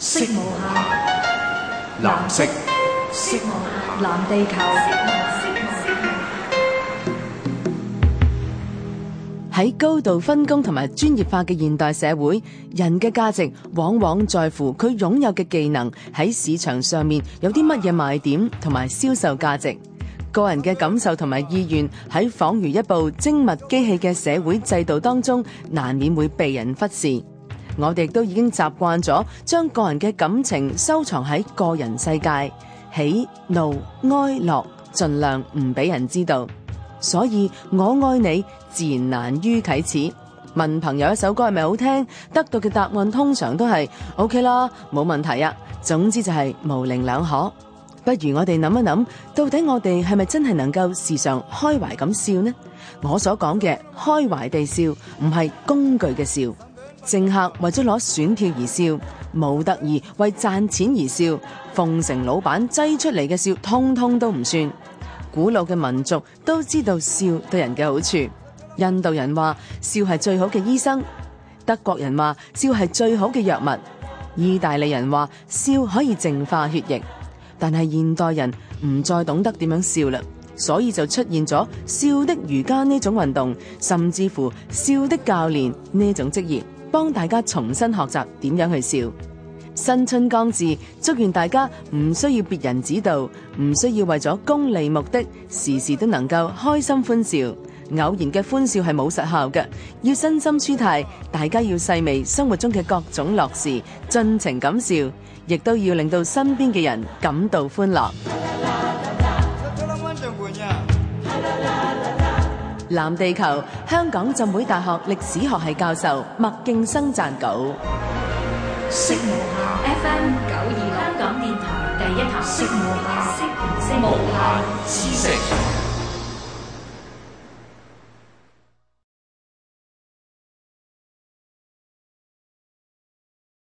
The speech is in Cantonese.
色無限，藍色。色無限，藍地球。喺高度分工同埋專業化嘅現代社會，人嘅價值往往在乎佢擁有嘅技能喺市場上面有啲乜嘢賣點同埋銷售價值。個人嘅感受同埋意願喺仿如一部精密機器嘅社會制度當中，難免會被人忽視。我哋都已經習慣咗將個人嘅感情收藏喺個人世界，喜怒哀樂盡量唔俾人知道，所以我愛你自然難於啟齒。問朋友一首歌係咪好聽？得到嘅答案通常都係 OK 啦，冇問題啊。總之就係模棱兩可。不如我哋諗一諗，到底我哋係咪真係能夠時常開懷咁笑呢？我所講嘅開懷地笑，唔係工具嘅笑。政客為咗攞選票而笑，冇得意，為賺錢而笑，奉承老闆擠出嚟嘅笑，通通都唔算。古老嘅民族都知道笑對人嘅好處。印度人話笑係最好嘅醫生，德國人話笑係最好嘅藥物，意大利人話笑可以淨化血液。但係現代人唔再懂得點樣笑啦，所以就出現咗笑的瑜伽呢種運動，甚至乎笑的教練呢種職業。幫大家重新學習點樣去笑，新春剛至，祝願大家唔需要別人指導，唔需要為咗功利目的，時時都能夠開心歡笑。偶然嘅歡笑係冇實效嘅，要身心舒泰，大家要細味生活中嘅各種樂事，盡情咁笑，亦都要令到身邊嘅人感到歡樂。藍地球，香港浸會大學歷史學系教授麥勁生撰稿。